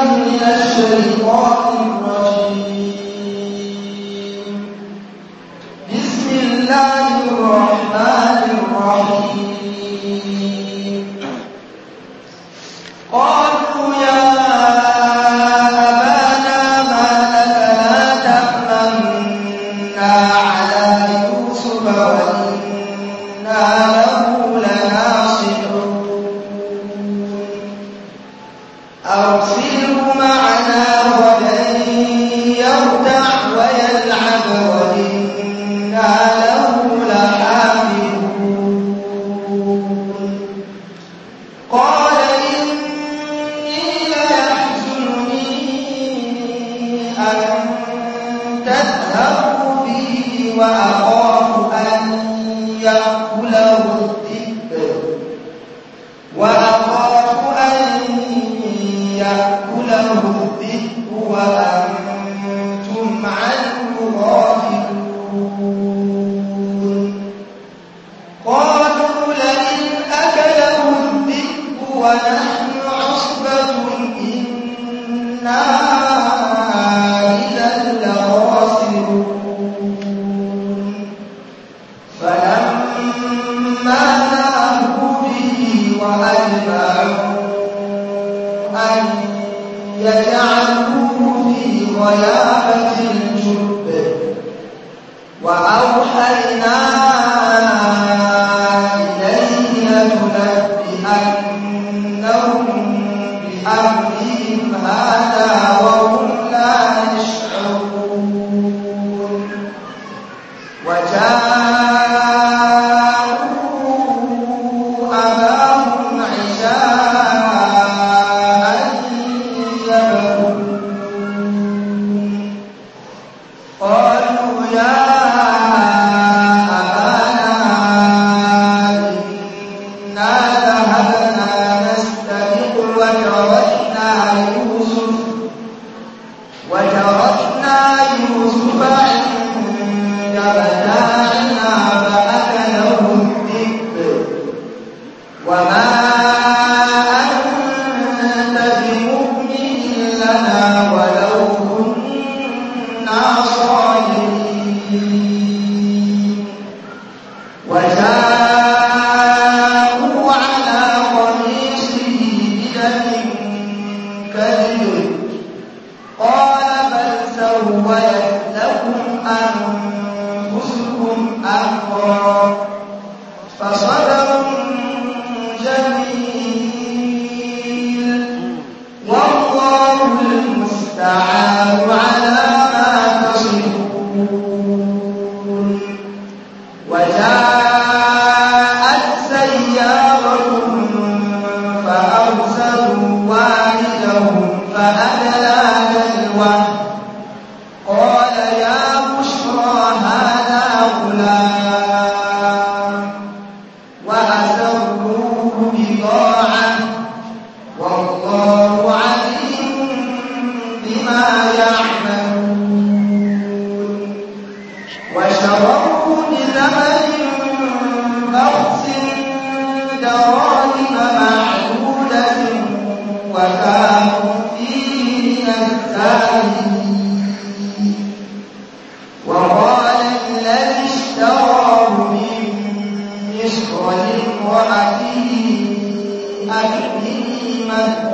من الشيطان no.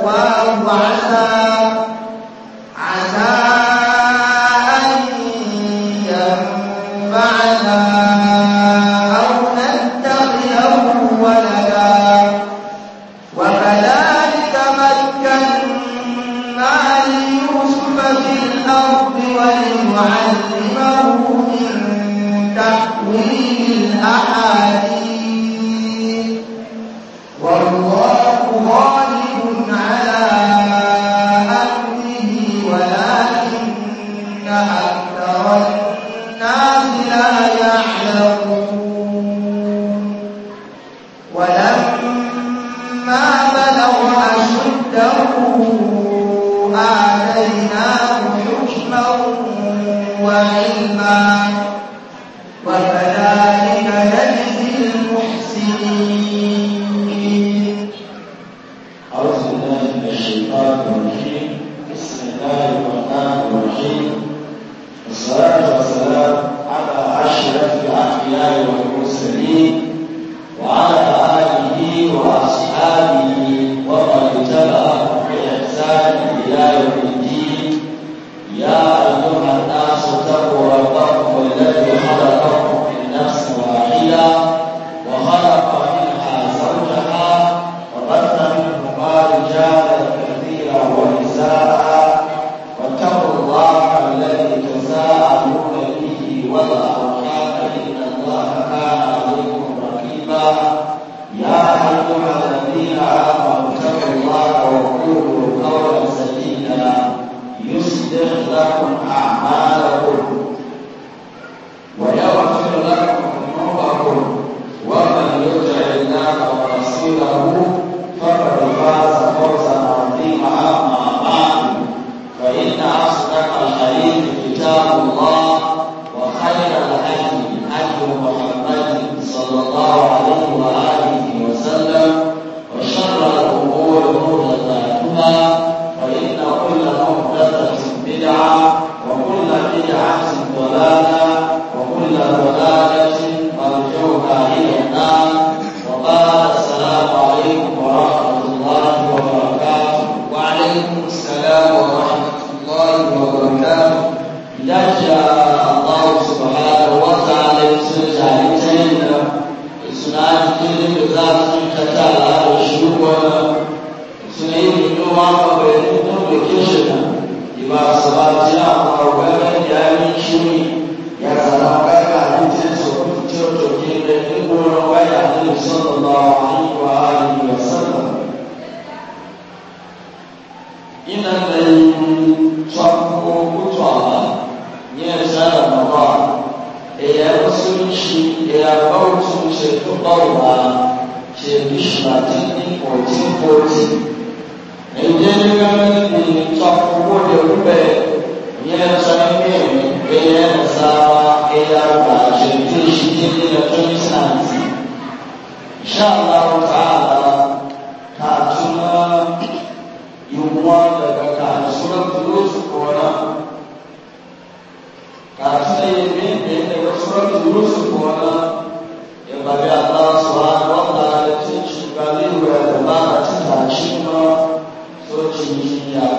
Bapak Bapak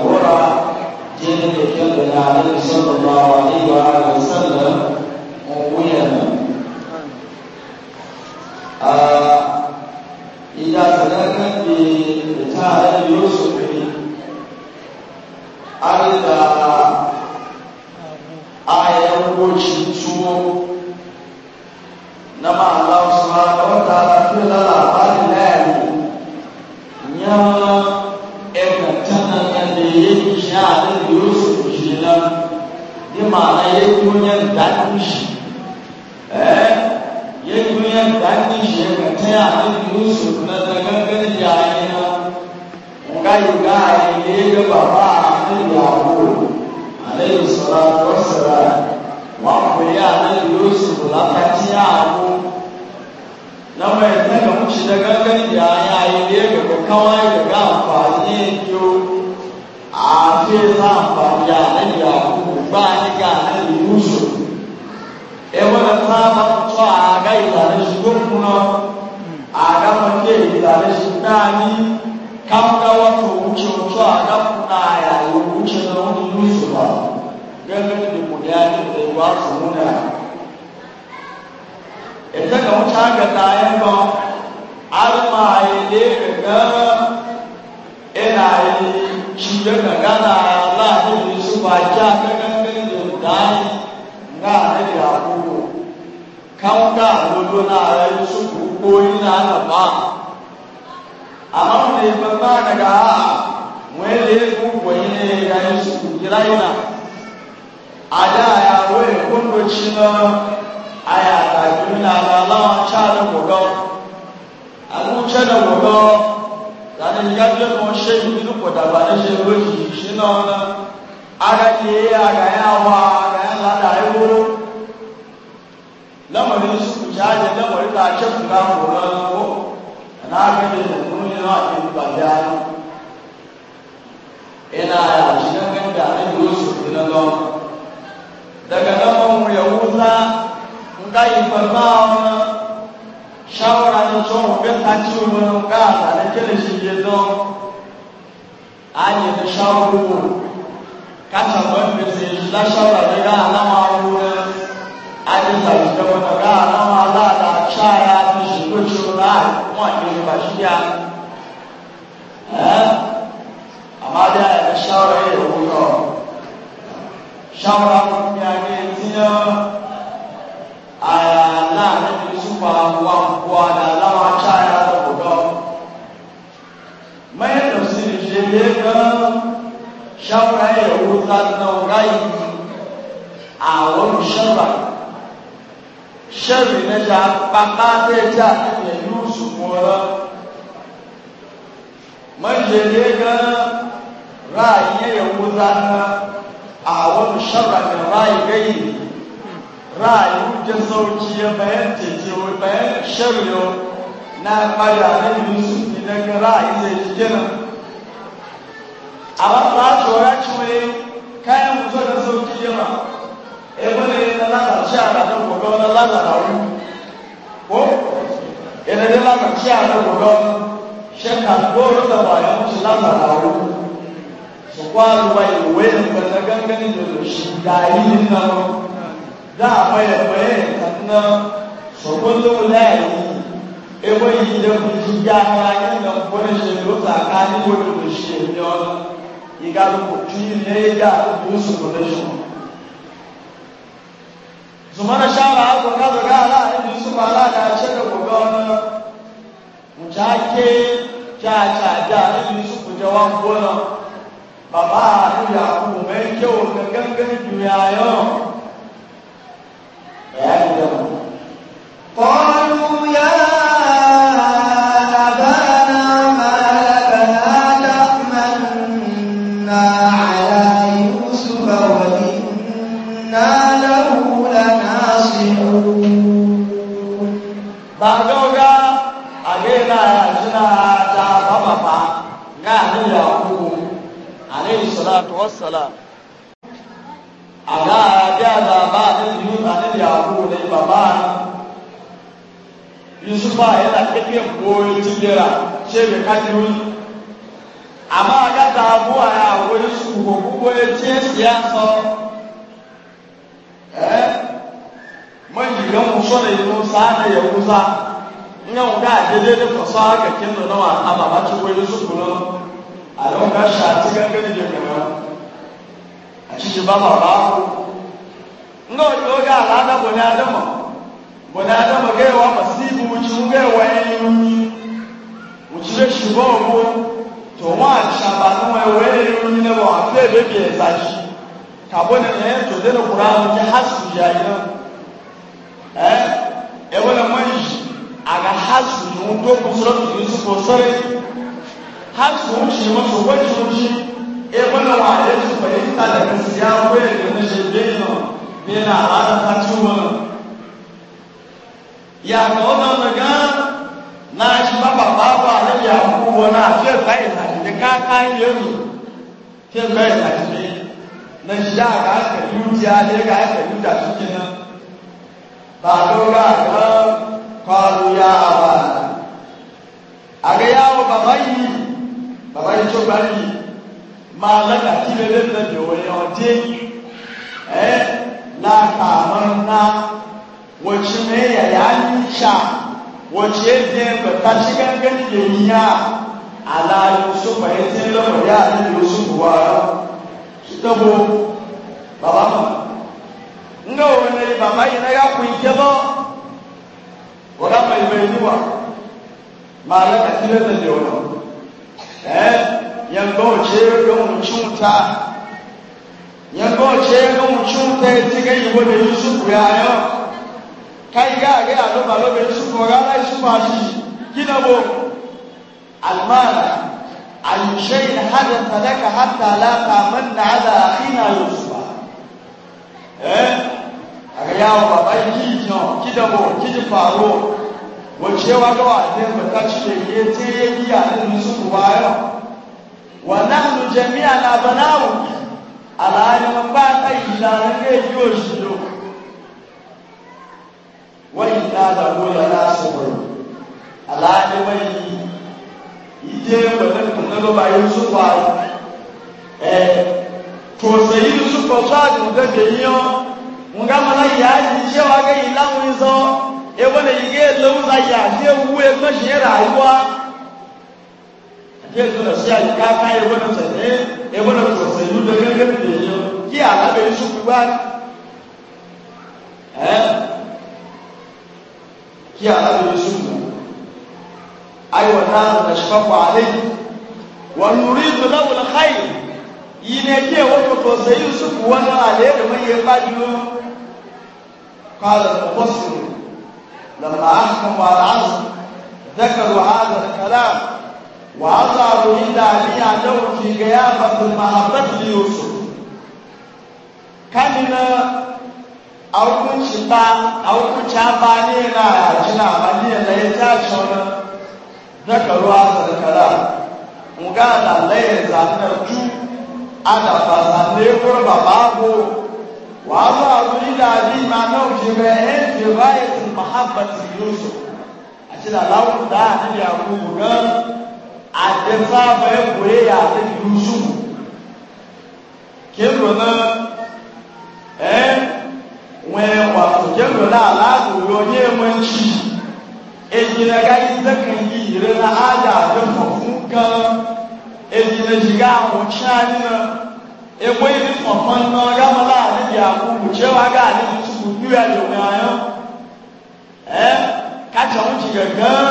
الكبرى جنة كبرى عليه صلى الله عليه وآله وسلم وقيما إذا سلكت بتاع يوسف ne ga bile mo se ni du ko dagba ne se wo yi si na ona aga ti e aga ya wa aga ya la da e wo lama ni su ku ja je lama ni ta che ku na ko na ko na ga ni ku ni na ti ba ja ni ina ya shi na ga da ne yo su ni na ga daga nan mu ya wuza shawara e e na tsohon bata ci wani gasa da kele shi ya don ajiye da shawarwo kasa wanda sai la shawara da ga alama wani ajiye da shi da wani ga alama za da shaya da shi ko ci wani ayi kuma ne ba shi ya amma da ya da shawara ya rubuta shawara kuma ya ne na na faruwa kuwa da lawa caya da buga mai tafsiri shi ne ga shafra ya wuta na rai a wani shara shari na ja baka zai ja ne yusu kora mai shi ne ga rai ya wuta na a wani shara da rai gai ra'ayin ke sauki ya bayan teke wai bayan shari'o na kwaya na yusuf idan ga ra'ayi zai ji gina a wata tsora ci wai kayan kusa da sauki ya ba ebe ne na lalace a ranar gobe wani lalata wani ko ina ne lalace a ranar gobe shekar goro da bayan su lalata wani su kwalu bai wai da ganganin da shi da yi nan dáa baya baya kanna sokoto layi ebo yi de ko ti ya ma yi na ko ta ka ni ko lo se ni o yi ga ko ti ne ya ko su ko ne so zumana shara ko ka ga ala ni su ba ala ka ce ko ga ona mu ta ke cha cha ja ni su ko jawan ko na baba ya ku me ke o gangan salatu wassalam aga biya da ba annabi yakubu da baba yusufa yana kake koyi tindira ce da kadiri amma ga damuwa ya wani su ko kuma ya ce siyasa eh man yiga muso da yiwu sa da ya kusa ina wuka a daidai da fasa haka kin no nawa amma ba ci wani su kuma a lokacin a cikin gani da kuma a cikin ba ma ba nga ojo oge ala ada bone adama bone adama ge wa masibu wuci ge wa enyunyi wuci be shibo owo to wa shaba no e we enyunyi ne wa fe be bi ezaji ka bone ne to de no qur'an ke hasu ya ina eh e wala mai aga hasu no to ko sura to su ko sare hasu ma so wuci wuci e wala wa e su fa ita da kasiya ko e, e ne je be no bẹ́ẹ̀ ada aláàdá tàjú wọn yàtọ̀ ọ̀nà nàgá bapa bapa bá yang bá lẹ́bi àkókò wọn náà fẹ́ fà ìlàjì ní káàká yẹn mi fẹ́ fà ìlàjì ní nàìjíríà kà á sẹ̀ yú di alẹ́ kà ya sẹ̀ yú dà tó kìnnà bàdóga àgbà kọlu yà wà àgbéyàwó bàbá yìí bàbá yìí láàkàmọ́ ná wọ́n ti ní yàyà ní ìṣà wọ́n ti é dín bẹ̀tà sí gángan lè yíyá aláàlú sọ́kọ̀ ẹ̀ tí ń lọ́wọ́ yá nínú oṣù wa ṣùgbọ́n bàbá mọ̀ nga wọ́n ní bàbá yìí náà yà kó ìjẹ́ bọ́ wọ́n dà mọ̀ ìbẹ̀ yìí wà màá lẹ́ka tí lẹ́sẹ̀ lè wọ̀ ẹ̀ yẹn gbọ́ òjì ẹ̀ ló ń nyɛnbɔ ɔkyɛ no mutwi mpɛ ti ka yi wo de yusu kura yɔ kai ga age alo ba lo be yusu kura ala yusu kura si kina bo almana ayushe in hada sadaka hatta la tamanna ala akhina yusufa eh aga yawo baba yi ki no kina bo kini faro wo che wa do ade ba ta chi de ye te ye yi ala yusu kura yɔ wa nahnu jami'an abna'u alhali man ba ta yi da ke yiwo shi yo wani ta da gola na su bari alhali wani ije wani kuma ga bayan su ba eh to sai yi su ko sa ga ga yiyo mun ga mana ya ji cewa ga yi lamun zo e wani yige lauza ya je wuwe mashi rayuwa Jesu da shi a kaka ya wani sanye, ya wani sosai yi da gbáná ẹ́ kí aláàbò sùnmù ayọ̀ náà nàṣẹ́fàpọ̀ àlẹ́ wọn lórí ìdúnáwó lẹ́káyì yìí ní ẹjẹ́ ìwọ́n tó tọ̀ sẹ́yìn sùnmù wọn náà àlẹ́ ẹ̀rọ mẹ́yẹ bá dúró kọ́lá ọ̀pọ̀sùn لما أحكم على العصر ذكروا هذا الكلام وأظهروا إلى أبي أنه في غيابة المحبة ليوسف kanina aukunci ba aukunci ba ne na jina ba ne na ya tashi wani zakaruwa zarkara nga da laye zanen ju ada fasa ne kurba babu wa za a kuri da abi ma na uji ga yan jiraitin mahabbatin yusuf a ci da lawun da a nili a gugu gan a da sa bai koye ya ta yusuf kin rana wọn wàtòjẹ́lò náà láàrùn onye mọ́nchi ejinaga ìdẹ́kàn yìí rẹ̀ na ájà àdẹ́fọ̀ fún gan ejinajiga àwọn chani na ewé ní pọ̀pọ̀n náà gámọ́ láàrin ìyá àkókò jẹ́ wá gáàrin tuntun ní ẹ̀jọ̀ mìíràn ẹ́ kájà ń jìgà gan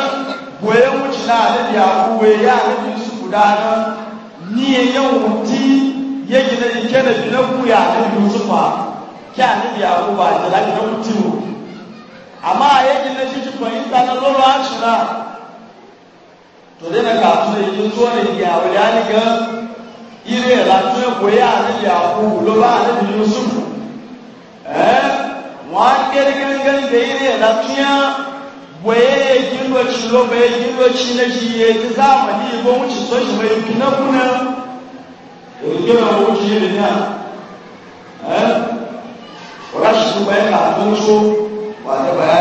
bò é ń jì láàrin ìyá àkókò ẹ̀yà àrin tuntun dáná ní ẹ̀yẹ́ wọn tí yẹ́jìnà ìkẹ́lẹ̀ jìnà kú yà àrin tuntun pa kí àníbi àkóbá àjẹlá yìí lọ́kùn tì wò àmọ́ ayé ti lé títí pọ̀ yìí kaná lọ́rọ̀ àṣùrà tòdé nàkà àtúnṣe yìí tó lè yà wòlé àníkà ilé ẹ̀ látún ẹ̀kọ́ yà àníbi àkóbá ló bá àníbi yusuf ẹ̀ wọ́n á kéré gángan dé ilé ẹ̀ látún yà wòye yìí lọ́ọ̀tì lọ́bẹ̀ yìí lọ́ọ̀tì lẹ́yìn yìí ti sáà mọ̀ ní ìbọn wọ́n ti sọ́ọ̀tì mọ̀ ìbí náà kú náà òyìnbó náà wọ́n ti bayan karatun su ba ta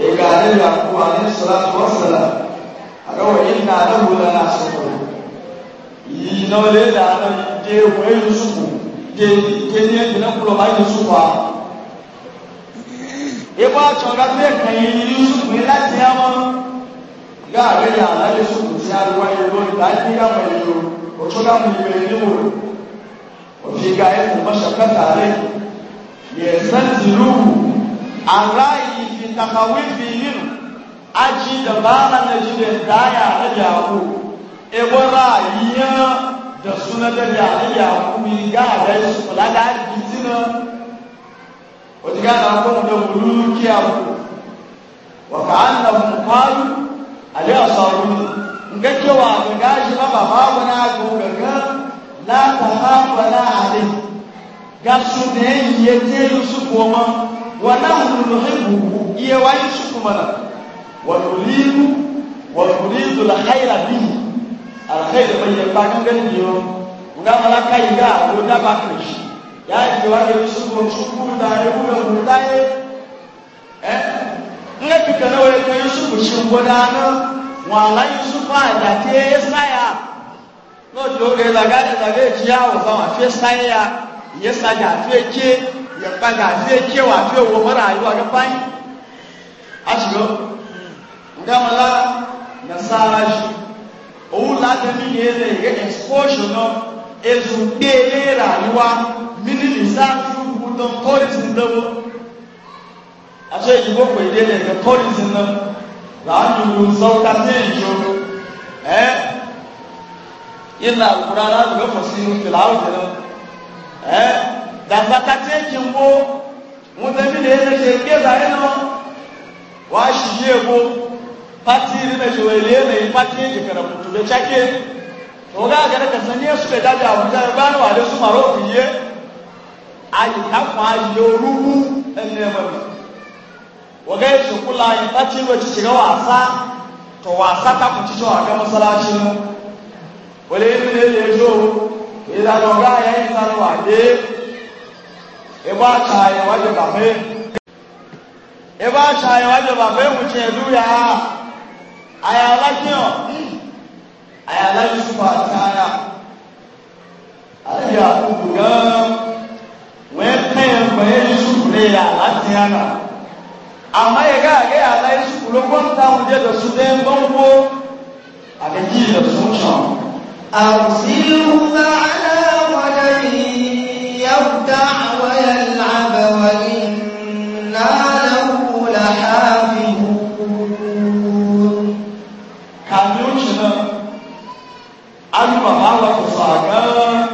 eh ga nan ya kuwa ne salatu wassalam a ga wani na da hula na sako yi na wale da nan je ni su ba e ba to ga me kan yi su ne la ti amo ga ga ya la su ti a ruwa yi lo da ti ga mai lo o to وفي غاية المشقة عليه يستنزلوه عن رأيه في تخويف منه أجي دبارة نجد الداية على يعقوب إبرا يا دسونا دبي على يعقوب يقال يسوع لا داعي بيتنا وتقال أقوم دبلوك يعقوب وكأنهم قالوا عليه صاروا نجد وعقوب نجد بابا بابا نجد látàlá wọlá àlè gasu da ya yi ya ce su koma wala hulul hibu iya wani su kuma na walulidu walulidu la khaira bi al khaira mai ya ba kan ganin yo nga mala kai ga ko da ba kan shi ya ji wa da su kuma su kuma da ya kuma mu da ya eh nga bi kana wala kai su kuma shi goda na wala yusufa da te saya lọ́dún ló rẹ̀ làgádì làgá èjì yá ọ̀gá wà fẹ́ sáyé ya ìyẹ́ sáyé àfẹ́ ké ìyẹ̀padà àfẹ́ ké wà fẹ́ wọ mọ́ra àyíwá àgá báyìí. aṣọ ngámọ́lá nasára ṣu òun láti mí ní ẹlẹ́ ìyẹ́ ẹ̀sìpọ́ṣù náà ètò gbé eléèrà àyíwá mínílì sáàtú gbúdọ̀ pọ́lìsì lọ́wọ́. aṣọ ìdìbò pẹ̀lú ẹ̀kẹ́ pọ́lìsì náà làánù sọ́kà sí ìjọ ẹ́ yadda alkura na zuga fasirin filawu da nan eh da bata ce kin ko mun da mine ne ke ke zare no wa shi ye ko pati ne da jwele ne pati ne kana mutu da chake to ga ga ka sanye su da da abu da ba wa da su maro fiye ayi ka kwa yorubu ene ba wa ga shi wòle ebi ne le dzo ìlànà ọgá yẹn ìlànà wà dé ìbá àtsà yẹn wà jẹ bàbẹ ìbá àtsà yẹn wà jẹ bàbẹ wùtsẹ ẹdú yà àyàlá kíọ àyàlá yìí sùpà àtsà yà ayé àkùkù gán wọ́n pẹ́ ẹ̀gbọ́n yẹn yìí sùpù lé yà láti yà nà àmọ́ yẹ ká àgé àlá yìí sùpù ló gbọ́n táwọn jẹ́ dọ̀sùn dé ń bọ́n wó dọ̀sùn sàn. أرسله على ولد يرتع ويلعب وإنا له لحافظون كابيوشنا المبالغ صاغا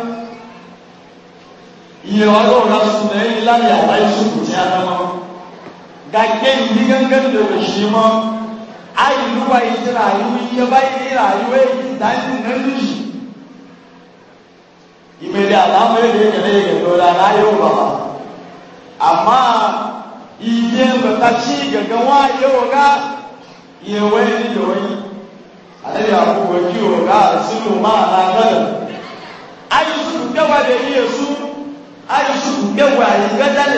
يوالو نفسنا إلا يعيش بجانا gake yi gangan da shi ma ayi ruwa yi rayu yi bai rayu yi dan nan shi imeli alamari da yake ga na yau ba ba ihe iye ta ihe ga ihe yau ga yewe adịghị da wani alayi abubuwa kiwo ga sinu ma na gada da iya su ayi su gawa gada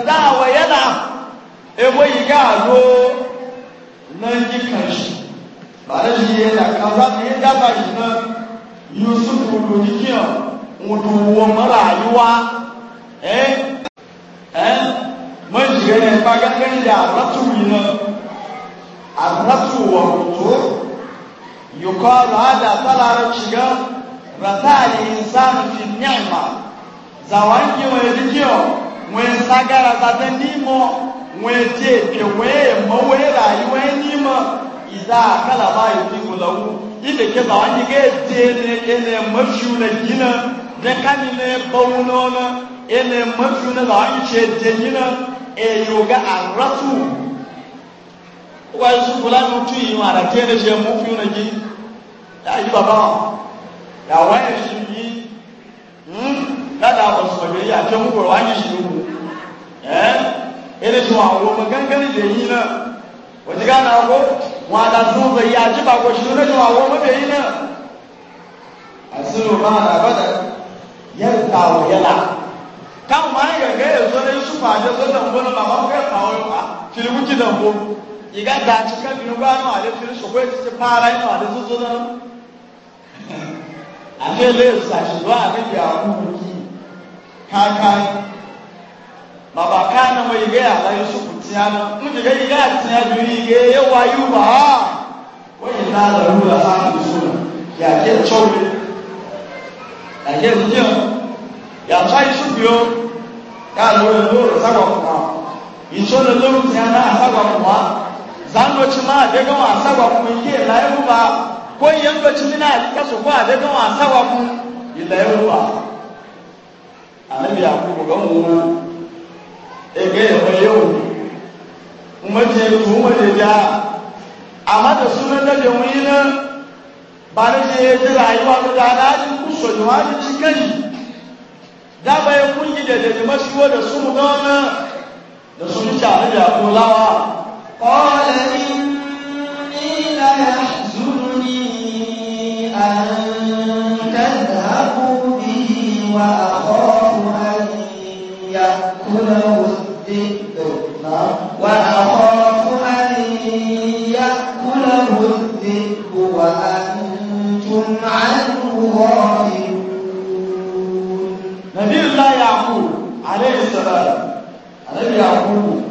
da na wa yana nan jikan shi ba da kaza da ya daba shi nan yusuf rudikiyan wuduwa marayuwa eh eh man shiga ne ba gangan da ratu nan arratu wa rutu yuqalu hada talara shiga ratali insanu fi ni'ma zawangi wa yadiyo wen sagara za nimo wọ́n ti èpè wọ́n èèmọ́ wọ́n èrà yìí wọ́n nímọ̀ ìdá àkàlàbà ìlú ìmùlọ́wọ́ ilé kẹta wọn ni kéèdè ẹnẹ mọ́fíù nà jìnnà dẹ́kánì nà bọ́wọ́ nọ́ọ́nà ẹnẹ mọ́fíù nà làwọn yìí ṣe dé yoga èyí ga àràtù wọ́n sùn fúlá ní ojú yìí wọn àdàkí ẹnẹ ṣe mọ́fíù nà jì yà yí bàbá wọn yàwọ́ ẹ̀ ṣì yí dáadáa ọ̀sọ̀ yẹ yà jẹ́ mú kọ̀ wọ́n á yìí ṣì ele tun awo ma gangan da yi na wani gana ko wa da sun bai ya ji ba ko shi ne tun awo ma bai yi na asiru ma da bada yadda wa yala kan ma ya ga ya zo ne su fa da zo dan bona ba ma ka fa wa ba shi ku ki dan bo iga da ci ka bi no ba no ale shi so ko ci fara no ale zo zo dan ale le sa shi wa ne ya ku ki ka kai baba kana mai gaya la yusufu tiyana mun ji gani ga tiyana duri ga yawa yuba wani na da rula sa su suna ya ke chori ya ke jiya ya tsai su biyo ya lo lo sa ko ka in so lo lo a sa ko kuma zan lo ma de ga wa sa ko kuma ke la yuba ko yan lo ci a ka so ko de ga wa sa ko kuma ila yuba annabi yakubu ga mu ege yawa yau umarje tu umarje ja amma da sunan da jamu yi nan ba na je ta rayuwa ta da alajin kusa da wani cikin da bayan kungi da jajima shiwa da su mu gana da su mu tare da kulawa قال إني ليحزنني أن تذهبوا به وأخاف أن يأكله الذئب وأخاف أن يأكله الذئب وأنتم عنه غافلون نبي الله يعقوب عليه السلام عليه يعقوب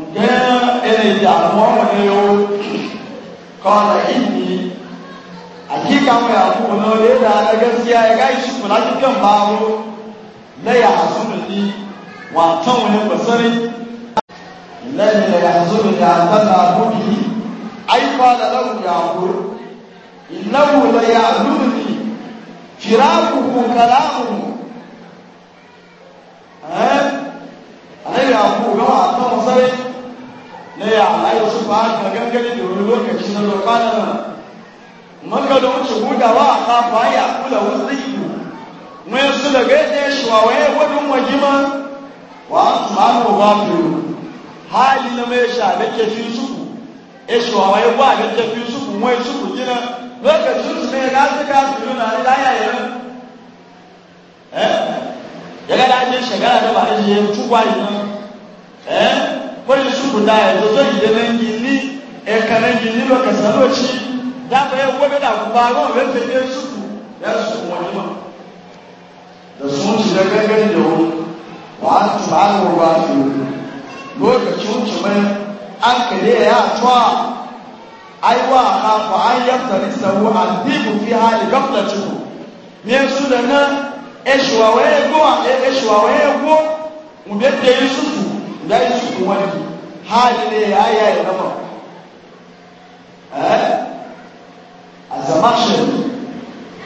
وجاء إليه يعلمون قال إني hakika mu ya kuma na wani da na gaskiya ya gashi kula cikin babu na ya hasu ni wàtán wọn ní pẹ̀sẹ́rẹ́ lẹ́yìn rẹ̀ àzọ́rọ̀ ní àtàlà àbúkì àyípadà lọ́wọ́ yàgò ìnáwó lọ yà lónìí fìràkùkù kàlámù àlẹ́yìn àkùkù kan wàtán wọn sẹ́rẹ́ lẹ́yìn àlàyé ṣùgbọ́n àgbà gẹ́gẹ́ ní òru lókèjì náà lọ bá náà mọ́kànlá ń ṣubú wa manu gafiru hali na mai sha da ke fi suku e shuwa ya ba da ke fi suku mai suku gina lokacin su ne ga su ga su nuna ni laya ya nan eh ya ga da ake shagara da ba da shi ya tukwa yi nan eh wani suku da ya zo zai da nan gini e ka nan gini lokacin lokaci da ba ya gobe da ku ba ruwan wanda ya suku ya suku wani ma da sun shi da gangan da wani wa tsaro ba su lokacin cumin an kare ya tuwa aiwa ka fa an yaftari sahu adibu fi hali gaflatiku ne su da na eshuwawa ya go a eshuwawa ya go mu da da yi suku da yi suku wani hali ne ya ya ya nama eh azamashin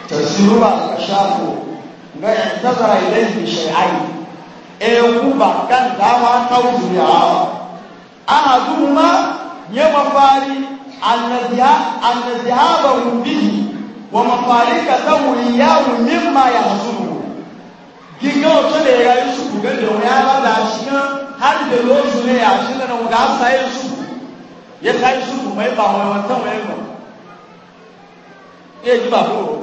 tasiru ba ka shafo ga tazara ilaihi shay'ai ekuba kan dawa kauliya ahaduma ya mafari annazihaba bihi wa mafarika tawiyahu mimma yahzuru kinga oto da ya yi su kuga da ya ba da shi har da lozu ne ya shi na mu ga sai su ya sai su mai ba wai wata mai ba e ji ba ko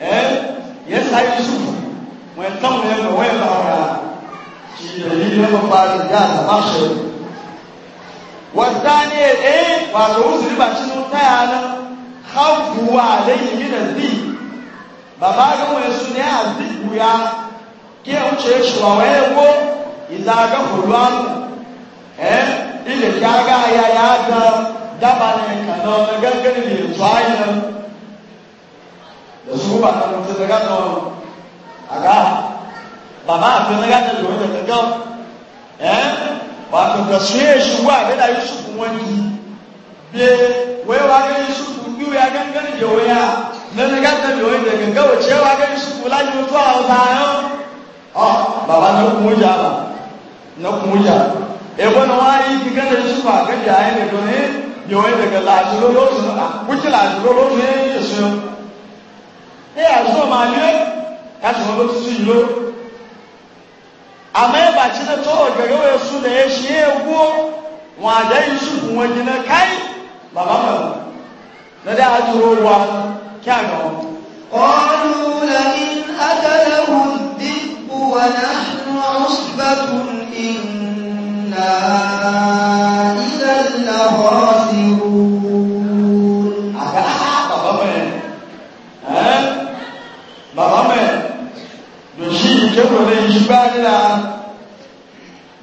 eh ya sai su mai tan mai ba wai ba dalilin mafarin ya zama shi wata ne eh wato uzuri ba shi sun taya nan haukuwa alayhi min azbi ba ba ga mai su ne azbi ya ke wuce shi wa waye ko idza ga qur'an eh ile ka ga ya ya ga daba ne kana gangan ne tsayi nan da su ba ta mutu daga nan aga bàbá àfẹnugá tẹ̀lé lórí ẹ̀kẹ́kẹ́ ẹ̀ wà kẹ̀kẹ́ sún èṣù wà bẹ́ẹ̀ náà yusufu wọn yìí bí wọ́n wá gẹ́ yusufu bí wọ́n yà gẹ́gẹ́ ní ìyẹ̀wò yà nẹ́nugá tẹ̀lé lórí ẹ̀kẹ́kẹ́ wò tiẹ̀ wá gẹ́ yusufu láti wọ́n tó àwọn tààyàn ọ̀ bàbá náà kún yà bà náà kún yà ẹ̀wọ́n náà wá yìí kíkẹ́ ní yusufu àkẹ́kẹ́ ayé nìkan ní ìyẹ̀wò ẹ̀kẹ́kẹ́ làásùlọ́ lọ́sùn à kásìmọ́ ló ti sí yìí ló amma ya baci na to ga gawar su da ya shi ya go wajen su kuma gina kai ba ba ba na da a turo ruwa kya ga wa qalu la in akalahu dhibu wa nahnu usbatun inna idan la khasirun kero ne yi ba ni da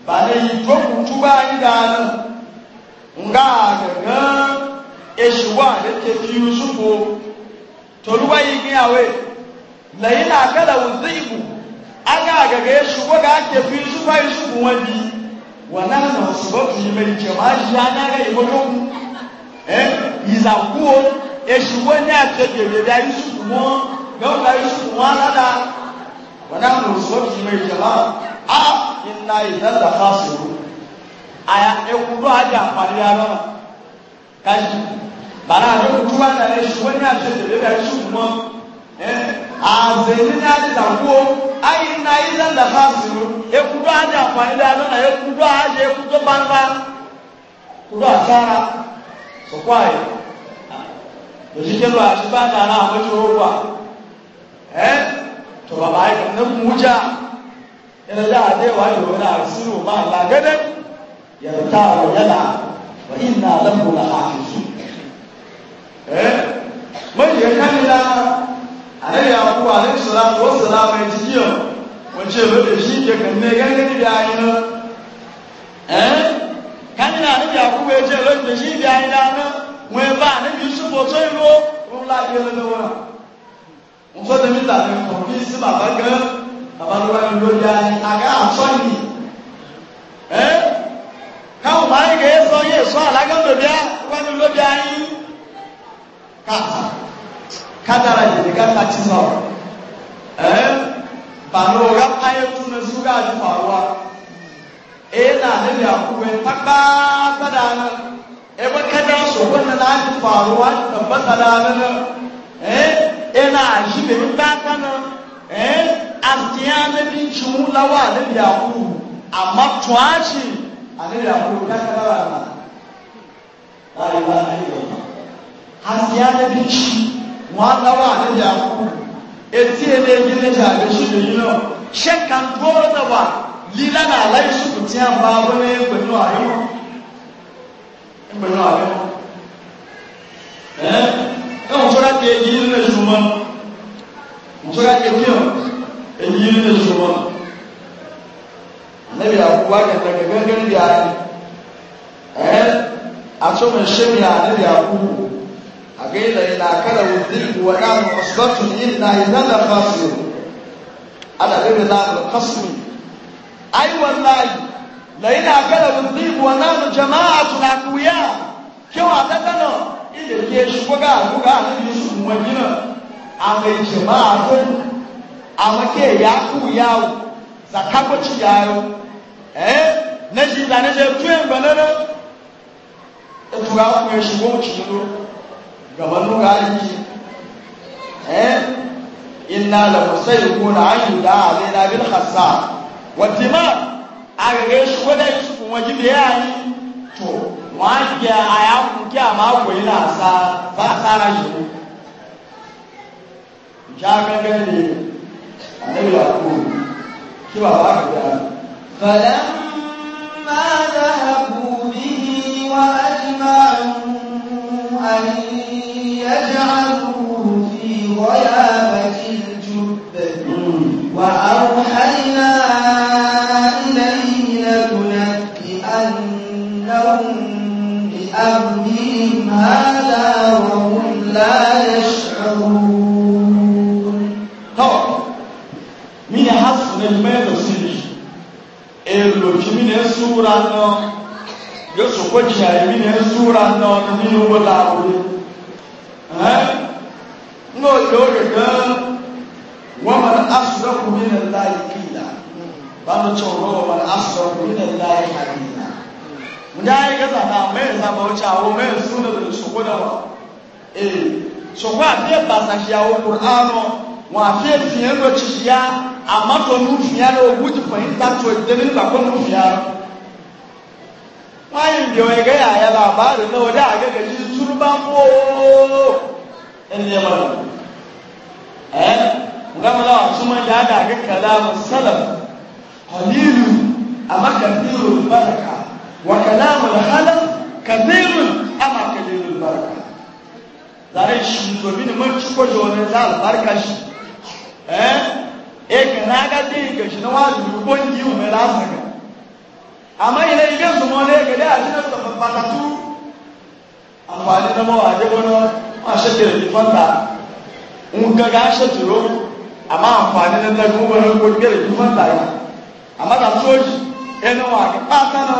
ba ne yi to kutu ba ni da nan nga gangan esuwa ne ke fi yusufu toluwa yi ni awe na yi na kala wuzibu aga gaga esuwa ga ke fi yusufu yusufu wani wannan na wasu ba tu yi mai jama'a ya na ga yi wato mu eh izakuo esuwa ne a ke gebe da yusufu mo ga yusufu wa lada ونحن الصبح من الجماعة إنا إذا لخاسرون aya ekudu aja apari ara kaji bara ajo kutu wa na esu wani ajo tele ka esu mọ azeni ni aji takuo ayi na ayi na lafa siru ekudu aja apari ara na ekudu ekudu banba kudu asara to ba bai nan muja ina da dai wa yo na asiru ma la gade ya ta yana wa inna lahu la hafizu eh mai ya kamila alayhi yaqub alayhi salatu wassalam ya jiyo wace ba da shi ke kan ne gangan da ayi na eh kamila alayhi yaqub ya ce lokacin da shi da ayi ba ne Yusuf to yi ro mun la ke nfọdẹ mi ta ni kò bí sí bàbá gán bàbá ló wá ní lórí ayé àgá àsọyìn ẹ káwọn bá yẹ kẹ sọ yẹ sọ alágán lòdì á wá ní lórí ayé kàtà kàtàrà yìí kàtà ti sọ ẹ bàbá wò ká ayé tún ní sùgá àti fàrúwa èyí nà ní ní àkúwé pápá gbàdá ní ẹ bá kẹdà sọ wọn nà ní àti fàrúwa ẹ bá gbàdá ní ẹ ena aji be ni na eh asiya ne bi chu la wa ne bi akuru amma twachi ane bi akuru kaka la wa na la ila ila asiya ne bi chu wa la wa ne bi akuru eti ele ji ne ja be shi be you know shekan goro da wa lila na alai su kutia ba bo ne gbe no ayo gbe no ayo eh kan mutura ke yi na shuma mutura ke kiyan yi na shuma annabi ya kuwa ka daga gangan da ya eh a tsohon shirya annabi ya kuwa a gaida ina kada wudirku wa ɗan asibatun ina ina da fasu ana gaida na alƙasmi ai wallahi la ina kada wudirku wa ɗan jama'atun akuya kyau a tattanon ilé ilé ṣùgbọ́gá àgbógá àti yusuf mọ̀jìnà àwọn ìjọba àgbó àwọn kí ẹ̀yà kú ìyá o zakagbọ́tì ìyá o ẹ́ nẹ́sì ìdánẹ́sẹ̀ tún ẹ̀gbọ́n lẹ́rẹ́ ètò àwọn ẹ̀ṣùgbọ́n òtù lọ gàmọ́ ló ga yìí ẹ́ iná lọ́kọ̀ọ́sẹ́ ìkó náà ayùdá àlẹ́ náà bí lọ́kàsá wọ́n ti máa àgbẹ̀gẹ́ ṣùgbọ́gá yusuf mọ̀jìnà yẹ́ àyè to wọ́n á jẹ àyàkùn kí a máa wòye náà sá bá sára yìí ìjà gẹ́gẹ́ ni àlejò àkó kí bàbá kò dára. فلما ذهبوا به وأجمعوا أن يجعلوه في غيابة الجب وأوحينا أمرهم هذا وهم لا يشعرون طبعا من حصل المال سيدي اللوجي من السورة يوسف وجهي من السورة من هو العبد ها نقول له ومن أصدق من الله قيلا بابا تشوفوا ومن أصدق من الله حديثا mudai gaza na mai zaba wuce awo mai suna da soko da wa eh soko a fiye ba sa shi awo qur'ano wa fiye fiye da ciya amma to mu fiya da guji fahimta to e da ni ba ko mu fiya wani biyo ya ga yaya labarin na wajen a ga gaji turban ko in ne mara eh gama da wasu man da ga kalamin salaf halilu a makasirin baraka وكلام الحلم كثير أما كثير البركة زاري شنو من من شكو جوني زال بركة شي eh eke na aga dị nke shi na nwa juru ugbo ndị ume na azaga amaghị na ike nzụmọ na ege dị adị na batatu amfani na mawa adịgo na ma shetere dị fanta nka ga shetere amma amfani na daga ugbo na ugbo dị fanta amma da soji ẹnu wọn àgbẹ̀pá sánà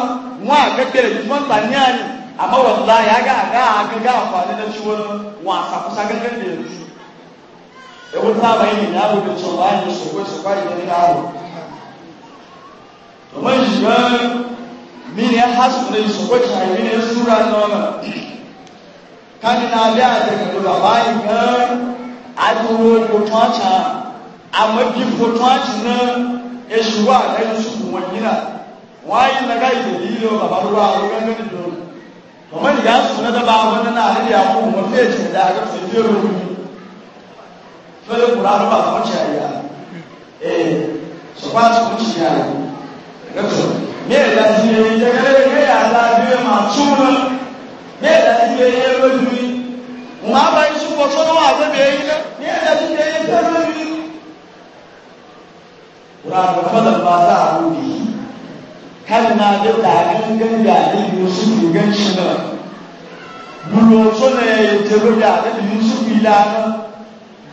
wọn àgbẹ̀gbẹ̀rẹ̀ jùmọ̀ ńlá ní àná àmọ́ wọn lá yà gà gà àgàgà àfọ àdéhùn tí wọn wọn àsàkóso àgàgà bẹ̀rẹ̀ jù. ewu sábà yìí ní àwọn obìnrin sọ̀rọ̀ láyé sọ̀kọ́ sọ̀kọ́ àyè ní àrò. ọmọ ìṣùgbọ́n mi ni hasu ní sọ̀kọ́ ìṣàyè mi ni súra náà káni náà bí àtẹ̀kẹ̀lẹ́ bàbá yìí gan adúró kòtò àtsà àmọ́ bí kòtò àtsì náà èṣù wà lẹ́yìn sùkùn wọn yìí náà wayin na gai da dilo ga baruwa a wurin gani dole kamar ya su na daba wani na aliyya ko mafi ce da aka fi eh su ba su kuma ciya me da shi ne ya gare ga ya da biye ma tsuna me da shi ne ya rubi ma kalma da kakan ganga da yusuf ya gan shi nan buloso na ya yi tero da da yusuf ilana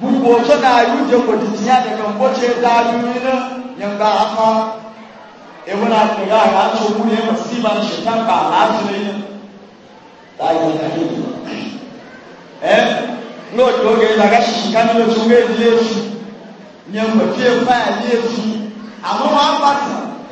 buloso na yi da kwatitiya da kan kwace da e yi nan yanga aka e wani aka ga ya so mu eh no to ga da ga shi kan da su ga yesu nyamba ke fa yesu amma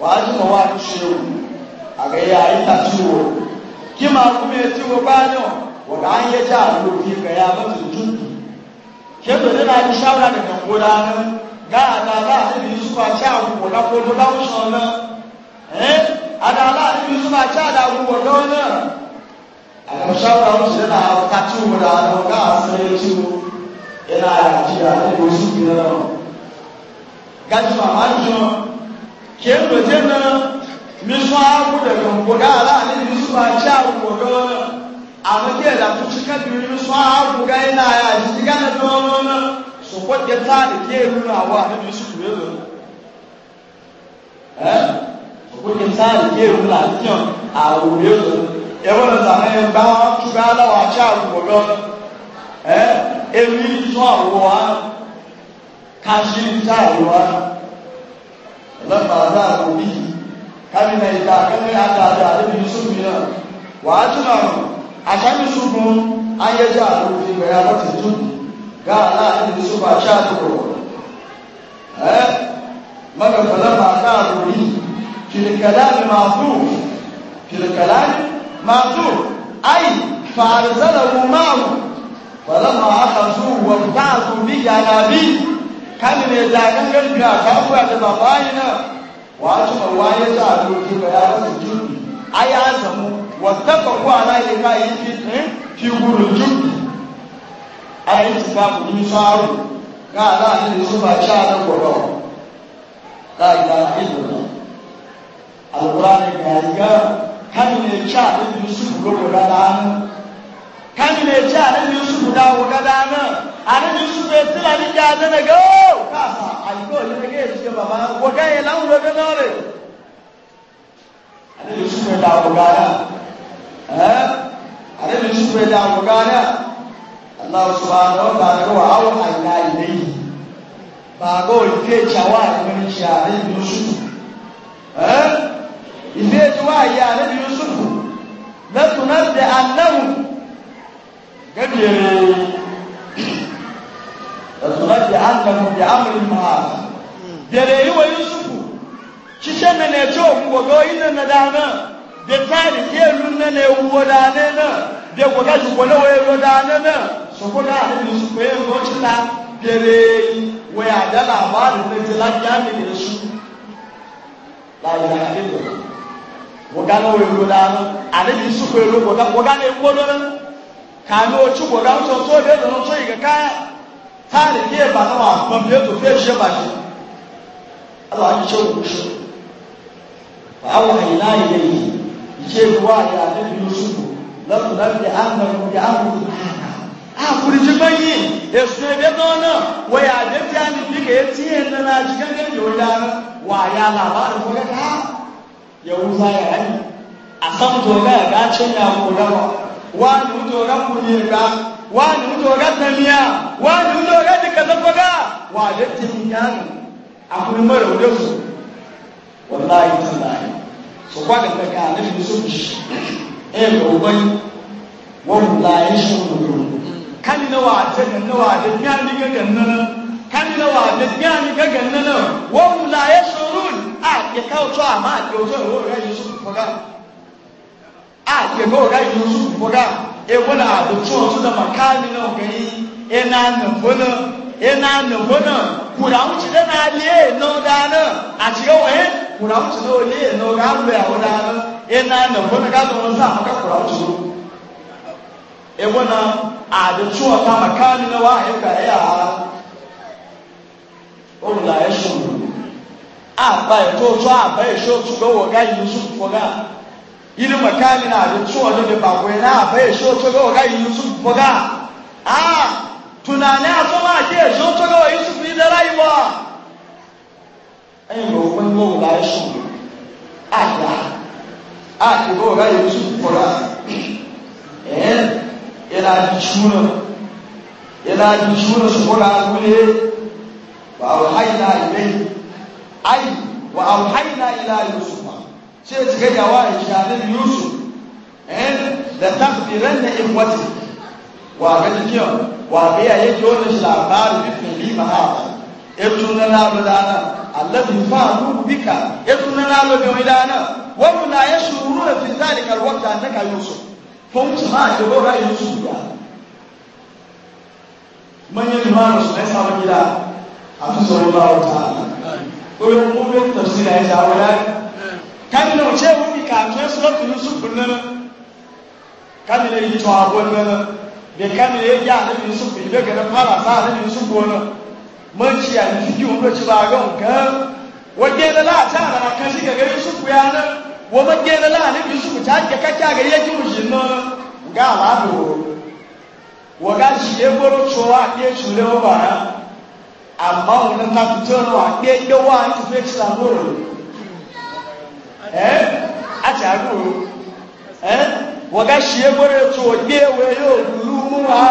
wàhálì mọ̀ wá tó ṣe o àgẹ̀yẹ àyíká tí o kí máa kú bí etí wo bá yàn wọ̀dà ya já àlọ́ òbí kẹ̀yà na dúdú kí ètò nínú àti sáwúrà nìkan kó a ní gáàdà aláàbí yusufu àti àwọn wọ̀dà kóló láwùsàn náà ẹ́ àdà aláàbí yusufu àti àdàwù wọ̀dà náà àwọn sáwúrà ń ṣe náà ọ̀tá o ke lo je na mi so abu da kan ko ga ala ni mi so ba cha ko ga ama ke da ku cika bi mi so abu ga ina na to e na so ko ke ta ni ke lu na wa ni mi so ku yo eh ko ke ta a wo yo e wo na ta ni ba tu ga ala wa cha ko ga eh èmi so awo lọ́pàá náà kò bí kábínà ìta kẹ́lẹ́ àtàdà níbi yusuf náà wàá túnà àṣà yusuf mú ayẹyẹ àlòkù ìgbẹ̀yà lọ́tì tó gáà náà níbi yusuf àṣà àtòkò ẹ́ mọ́tòkò lọ́pàá náà kò bí kìlìkàlá ni máa fún kìlìkàlá ni máa fún ayì fàrẹ̀sẹ̀lẹ̀ wù máa wù wàlọ́mà àkàtúwò wọ̀ dáàtú bí yàrá bíi kan ne zagan ganka ka kuwa da babani na wato mawaye za a doki bayanan jubi ai an samu wasta ka kuwa na yi kayan fi gurin jubi a yi tuka kudin tsaro ga ala ne da su ba ci a nan gwagwa la ilaha illallah alqur'ani gariga kan ne ci a nan yusuf gwagwa da nan kan ne ci a nan yusuf da gwagwa da nan anabi sube sila ni jaade na go kasa aliko ni nege sike baba waka ye la ulo de nore anabi sube da wogara eh anabi sube da wogara Allah subhanahu wa ta'ala wa awu ayna ilayhi ba go ike yusuf eh ibe tuwa ya anabi yusuf la tunazza annahu gabe ɔtɔnɔ de anamu de amiri maa dere yi wɔ yusufu hyehyɛ na na ɛkyɛ omu wɔ dɔ yi na na daana de taari fi elu na na ewu wɔ daana na de kɔkɛ tukɔ na wɔ ewu daana na sɔkɔ na ale yusufu yɛ ŋgɔ kyi na dere yi wɔ yɛ ada na aba ale na ti la fi amiri esu la yɛ ale lɔ wɔ gana wɔ ewu daana ale yusufu yɛ lɔ wɔ gana ewu wɔ dɔ káàdì bí ẹ̀bà náà wà pọ̀ bí ètò bí ẹ̀ṣẹ́ bàjẹ́ alọ́ àjíṣẹ́ òkúṣe àwọn àyílá ilé yìí ìṣe ìwọ àyà níbi lóṣùkù lọ́dún lọ́dún àmọ̀rún ní àmọ̀rún àkùrìjì bẹ́yì èso ẹgbẹ́ náà náà wọ́n yà àjẹ́ tí a ní bí kèé tí ẹ̀ nana àjíkẹ́kẹ́ yóò dá wà yà làbá àdúgbò kẹ́kẹ́ yẹ̀wò sáyà ẹ̀ àkàmùtò ọ̀gá ẹ̀gá wani wuto ga samiya wani wuto ga duka zafaga wa da tinyanu akwai mara wuda su wallahi tallahi su kwaga ta ka nafi su ci eh ga ubai wallahi shi ne kan na wa ta kan na wa da nyani ga gannan kan na wa da nyani ga gannan wallahi shurun a ya kawo to amma a kawo to ga Yusuf faga a ya kawo ga Yusuf faga ebola abutu ọtún dama káàmì náà gẹ̀yí ẹ̀nà nàbó náà ẹ̀nà nàbó náà kùràwùtì náà náà lé ẹ̀nà dáná àti ọwọ́ ẹ̀ kùràwùtì náà lé ẹ̀nà gáàlù na dáná ẹ̀nà nàbó náà gáàlù wọn sáà mọ́ká kùràwùtì náà ebola abutu ọtún dama káàmì náà wà ẹ̀ka ẹ̀ yà á olùlà ẹ̀ sùn àbá ẹ̀kọ́ tó àbá ẹ̀ṣọ́ tó gbọ́wọ́ gáyìí yìí mọ̀káàmì náà àti tún ọdún ní bàbá ẹ̀ náà àbẹ́ èso tókè ọ̀gá yìí yusuf mọ́gá a tùnàní àtọ́mọ́ àti èso tókè ọ̀gá yusuf ní dára yìí wá. ẹ̀yin lọ́wọ́ ní wọ́n wùlá ẹ̀sùn àgbà àti ọ̀gá yusuf mọ́gá ẹ̀ yẹn àti túnú yẹn àti túnú sọ́kọ́lá wúlé wà áwòháyìnà ìlẹ́yìn àyè wà áwòháyìnà ìlà yusuf sai ya cika yawa a shanin yusuf da takbiran da in wata wa ga jikin wa ga ya yake wani labarin bifin lima haka ya tuna na abu dana allabi faru bika ya tuna na abu bai dana wani na ya shuru na fi zalikar wata na ka yusuf fun ci ma ke bora yusuf ya manyan limanu su na samun gida a fi sauran ba wata ko yi mummin tafsira ya shawo ya kan ce wani kafin suratu yusuf nan kan ne yi to nan da kan ne yi ya yusuf bi daga nan fara sa da yusuf gona man ci ya ji ji ci ba ga ga wajen da la ta kan shi ga yusuf ya nan wa wajen da la yusuf ta ga kakka ga yake mushin nan ga la wa ga shi ya goro cewa ke shure ba amma wannan ta fito wa ke yawa ta fice la achago wagashiyebore tu ogbewe eolulumu ha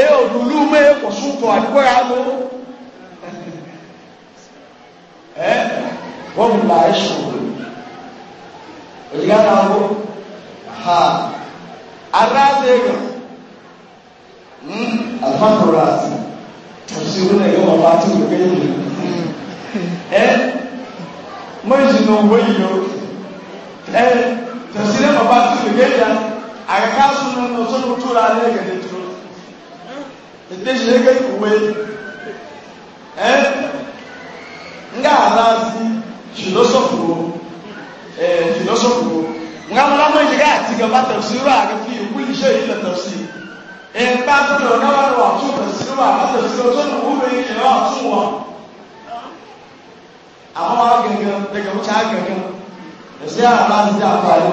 eolulumu ekwosuto adikweramu wọ́n la ẹ̀ṣọ́ òyìnbá wo ha aráàlẹ́gà alhamdulilah tòsí wọn ẹ̀yọ́ na bá ti wọ́n gbé yìí ẹ́ mọ́ ìṣìnà owó yìí o. ɛɛ tẹsílẹ bàbá tó lè gé ya àkàkà sunu ní ọsọ tó tóra alẹ gẹdẹ tó ètèjì lè gé ìwé ɛɛ nga aláàzí filosofu wo ɛɛ filosofu wo nga mọ lámọ ìdíkà àti gàba tẹsílẹ wà ɛɛ da shi a ba su ji amfani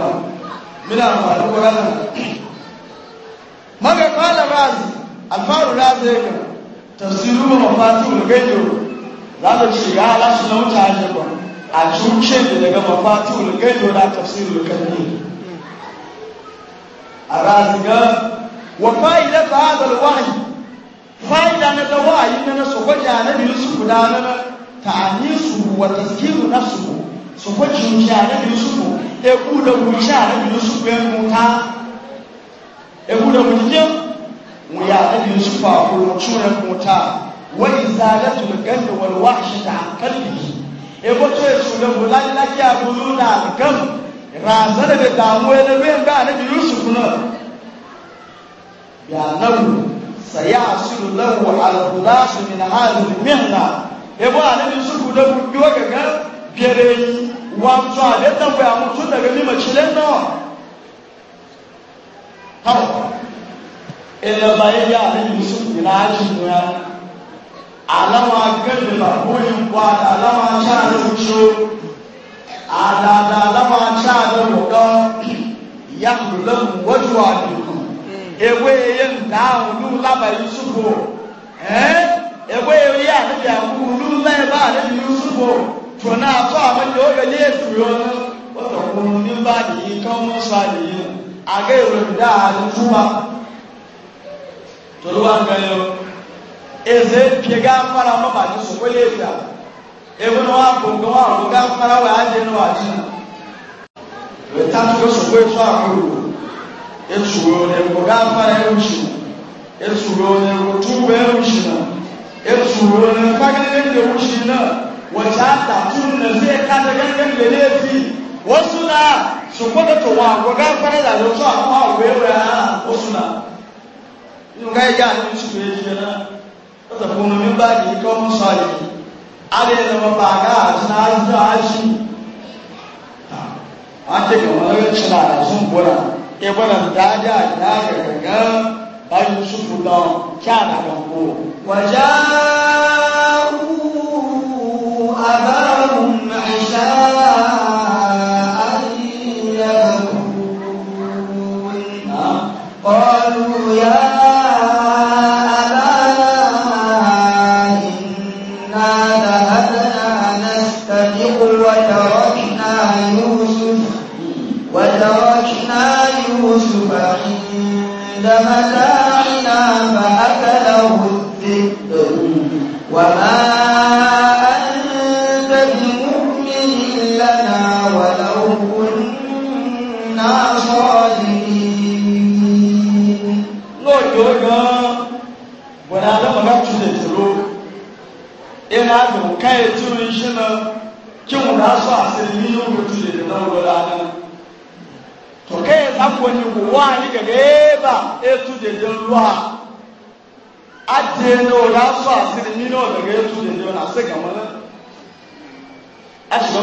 ba mina amfani ko rana maga kala razi alfaru razi ya kan tafsiru ma mafatu da gajo za ta ce ya ala shi na wuce hajji ba a cuce da daga mafatu da gajo na tafsiru da kanni a razi ga wa fa'ida ta hadal wahayi fa'ida na da wahayi na na sokoja na biyu su gudanar ta'anisu wa tazkiru nafsu sọ̀kọ́ jìnjẹ́ àrẹ́bì yusufu ekú lọ́wọ́ iṣẹ́ àrẹ́bì yusufu ẹkùn ká ekú lọ́wọ́ jíjẹ́ wọ́n yà àrẹ́bì yusufu àkùrọ̀ tún ẹkùn ká wọ́n ìzà àrẹ́bì gẹ́gẹ́ wọ́n wá ṣẹta kẹ́lì ebó tó èso lọ́wọ́ lájílájí àbúrú náà gẹ́m ràzẹ́rẹ́ bẹ̀ dààmú ẹlẹ́wẹ́ ń bá àrẹ́bì yusufu náà yà náwó sàyà àṣìlò lọ́wọ́ àlùkùlá àṣìlò nà biyareyi wanzu a da tambaya mutu daga nima shilen nawa har ila bayan ya abin musu ila ajin ya alama gani ba koyin kwa da alama sha da wuce ala da alama sha da wuka ya kulan wajuwa duku ewe yin da olu labarin suko eh ewe yin ya da ya kulu lai ba da yusufu tò náà tó àwọn ìlú ọ̀rẹ́ lé èkúrò ọ̀tọ̀kùn ní báyìí kán mọ́ sọ àlèyé àgẹ́ ìròyìn dáadé fún wa tòlú wa ń bẹ yọ èzè piega fara mọ́ bàtí sòkò lè fìyà ewu ni wọn kò gbọ́n wọn kò gá fara wẹ̀ á dé ní wà jù wẹ̀ tá tó sòkò ètò àkúrò ètùrò èkó gá fara ẹ̀ ń sùn ètùrò èkó túbọ̀ ẹ̀ ń sùn ètùrò èkó akéde ẹ̀ ń sùn náà wace ta tun na zai kada gangan da laifi wasu na su kwada to wa gwaga fara da zautu a kuma a goyi wa wasu na yin ga ya ni su ne ji na ta kuma min ba ni ko mun sai ale na ba ba ga sa za shi a ce ga wani cina da sun gona e bana da ja da ga ga ba Yusufu da kyana da ko wajen وأباهم عشاء يبكون قالوا يا أبانا إنا ذهبنا نستبق وتركنا يوسف وتركنا يوسف عند متاعنا فأكله الذئب وما musulmi ya mutu ya da nan wala nan to kai za ku wani kowa ni ga gaba e tu da dan ruwa aje no la so asiri no da ga tu da na se ga mana asho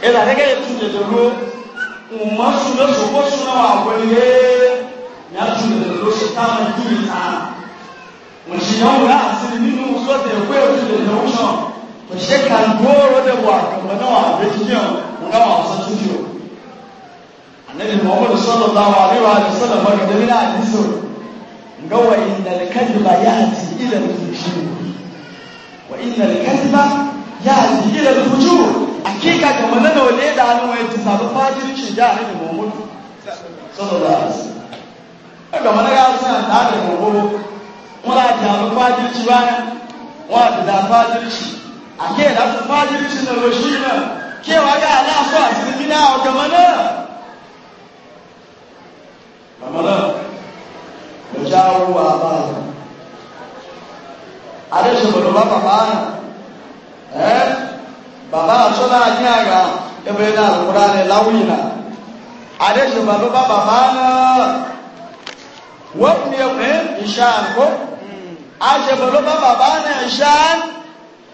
e la ga tu da dan ruwa mu ma su da su ko su na wa wani e ya tu da dan ruwa shi ta ma duri ta mu shi ya wala asiri ni no so da ko e tu da dan ruwa to she kan goro da wa kamar nawa da jiyan kuma wa san su jiyo annabi Muhammad sallallahu alaihi wa sallam ba da mina hadisu ga wa innal kadhiba ya'ti ila al-fujur wa innal kadhiba ya'ti ila al-fujur hakika kamar nan wale da nan wai ta sabu fajirci da annabi Muhammad sallallahu alaihi wa sallam ga mana ya san da da gogo wala da fajirci ba wala da fajirci àkè láti fájírí sí ọ̀rọ̀ sí náà kí ẹ wáyé aláàfọ àti níbi náà ọ̀gọ̀mọ náà. bàbá náà mo já owó àbá rẹ adéṣèbọ̀dọ̀ bá bàbá rẹ ẹ bàbá àtúndà ní àgbà ebe náà lùkúrá ní láwùyí náà adéṣèbọ̀dọ̀ bá bàbá náà wọ́n ní ẹ̀ ìṣàn kó àṣèbọ̀dọ̀ bá bàbá náà ìṣàn.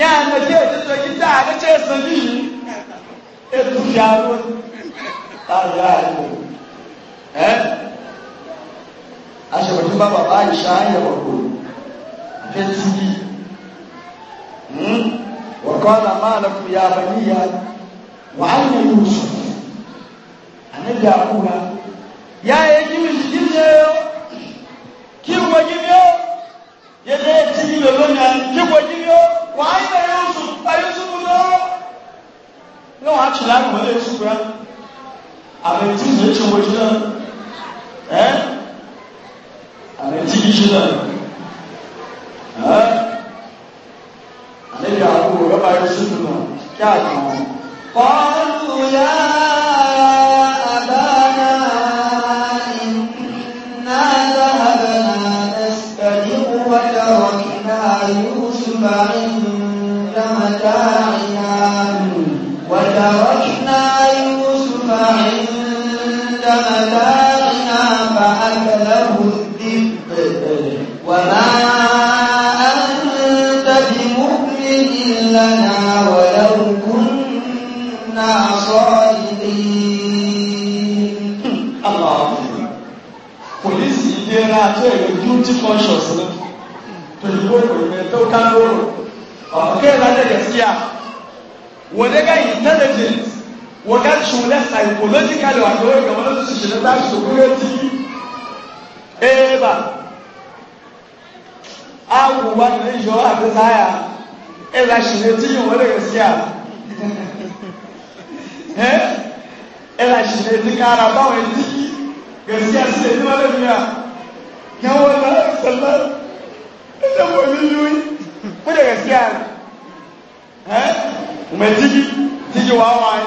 ya na ke ta ki da ga ce sani e tu yaro ta yaro eh ashe mutum ba ba Aisha ya wako ke tsiki hmm wa qala malakum ya baniya wa anna yusuf annabi ya kula ya yi kimi jikinle kiwo jimiyo ya zai ci yi lolo ne kiwo jimiyo wàá eh? eh? yẹ Yusuf pa Yusuf lọ́wọ́ ní wàá tún láti wọlé Yusuf rẹ àmì tí ìṣe tí wọ́n ti náà ẹ́ àmì tí kì í ṣe náà ẹ́ àlejò àwọn òwe bá Yusuf náà kí àgbà متاعنا فأكله الذئب وما أنت بمؤمن لنا ولو كنا صادقين الله Police ìdíra àti ẹ̀rọ guilty conscious ni. Tòyìnbó kò ní tó ká lóru. Ọ̀kẹ́ ìlànà ìdẹ̀síyà. Wọ́n dẹ́gà intelligence wakashule psychologically wandoga wanazozishile zashukuleti eba awu wanaijo atesaya elashiletiyo walegesiya elashileti karaba weti gesiya sileti walemiya yawalasalar edaboliyui kulegesiya umetiki tiki wawaye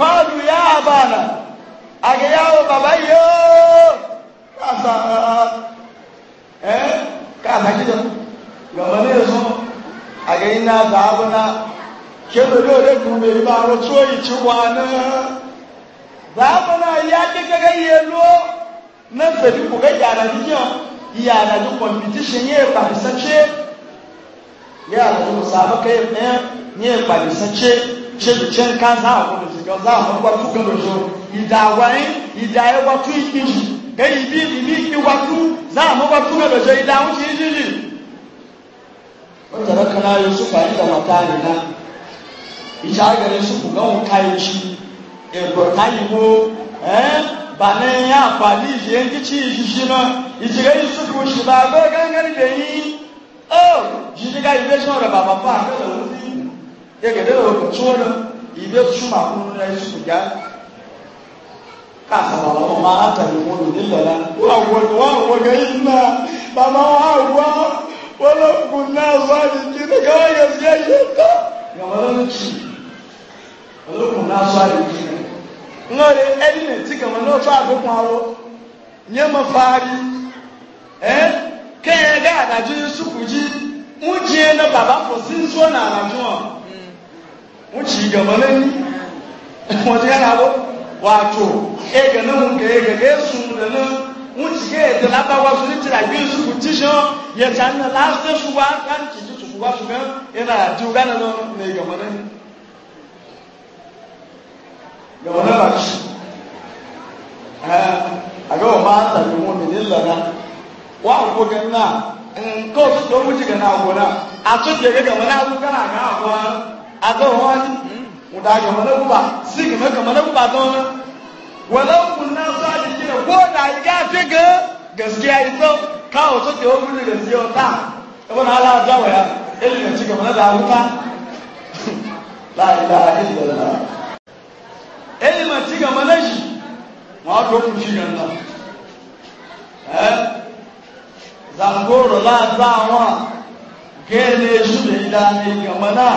kọ́ọ̀lù yá àbànà àgẹ̀yàwó bàbá yóò kàṣà ẹ́ kàṣà jíjọ gbàgbọ́ ní èso àgẹ̀yìn náà dàábọ̀ náà kéde lóore kù bèbí bá rọ tó ìtì wà náà dàábọ̀ náà yá kékeré yẹ lọ náà fèdí kò kẹ́ yàrá yíyan yàrá tó kọ̀mpitíṣìn yẹ pàṣẹ yàrá tó sàbẹ̀kẹ́ yẹ pàṣẹ ṣe ṣe ṣe ń ká sáà kọ́ni yọ̀lá ọgbà fún gẹ̀mọ̀ṣọ́ ìdà àwárí ìdà ẹwà tún ìpín gẹ́yìn bí ìbí ìwà tún láàmú wà fún gẹ̀mọ̀ṣọ́ ìdà àwọn ti rí rí. wọ́n tẹ̀lé kan náà yóò sùpà nígbà wọn tá a rìn náà ìjà gẹ̀rẹ́ sùpù lọ́wọ́ ká ìṣù ẹ̀gbọ̀n táyìwó bàní àǹfààní ìṣe ń kíkí ìṣiṣi náà ìṣiṣẹ́ ìṣùpù ṣùgbọ́n àgbẹ̀ gángan lẹ́yìn ó ṣiṣẹ́ ká ìgbésùn rẹ̀ bàbá fún àgbẹ̀ lọ́wọ́ sí òkú tó náà ibe suma kunu na isu ja káàkiri àwọn ọmọ àtàlù wọn ò ní lọ́la wọ́n wa ọ̀gá yìí náà bàbá wọn àwọ̀ wọn ló kùn náà sọ́ọ̀dì kí ni káwọn yẹ sí ẹ̀yẹ tán. ìyàwó ló ti ló kùn náà sọ́ọ̀dì kí ni. ńlọrọ ẹni nà tí kàwọn náà tó àdókùn arọ nyẹ mọ fàárì ẹ kẹyìn gáà àdájọ yusuf jí ń jẹ ẹ náà bàbá fò sí ń sọ náà àdájọ ọ mun ci gaba nan wata yana ba wato e ga nan mun ga e ga yesu da nan mun ci ga da labawa su tira bi su ku ci shan ya tan na lasta su ba kan ki ji su ba su kan yana ji ga nan ne gaba nan gaba nan ba shi a ga ba ta mu min lana wa ko ga na in ko su do mu ci ga na gona a su ga gaba na su kana ga gona agbẹ́wọ̀n wá ní mùdájọ́ mọ̀lẹ́gbùbà sígì mẹ́kàn mọ̀lẹ́gbùbà gan wọ̀lẹ́gbùn náà sọ àjíjì rẹ̀ kó dà yá fi gan gaskiya ito kawo sókè ó wúlò lè sí ọ̀tá ẹgbọ́n náà aláàjọ wẹ̀ ya èlì lè ti gàmọ́lẹ́ dà wúta láìlá ìlọ́lá èlì mà ti gàmọ́lẹ́ yìí wọ́n á tó kù sí yẹn náà ẹ́ zangoro láàzá wọn gẹ́lẹ́ ṣùgbọ́n ìdáni gàmọ́ náà.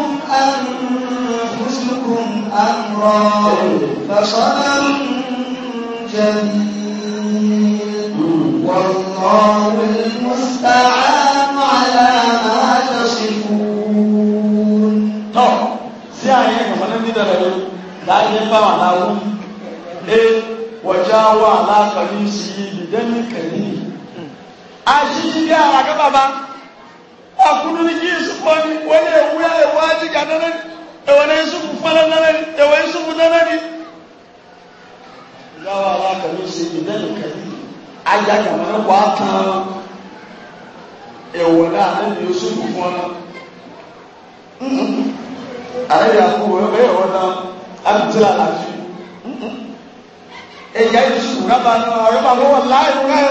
الله فصلا جميل والله المستعان على ما تصفون طب سيعي كمان ندى لو لا ينفع على ايه وجاوى على قميصه بدم كريم عشان يا بابا ọkùnrin yìí sùpọ̀ ni wọ́n lè wúyà ẹ̀wọ́ àti ẹwọ na yusufu fara nana ni ẹwọ yusufu nana ni gawa alaka ló ṣe ìdánù kẹlí ajá kàmá ní wàá tán ẹwọ náà ẹni yusufu fún ọ ààrẹ yà kú wọ ẹ ẹwọ náà raba àlàjì ẹyà yusufu rábà náà ọ̀rẹ́ bá wọ́n láì wọ́n láì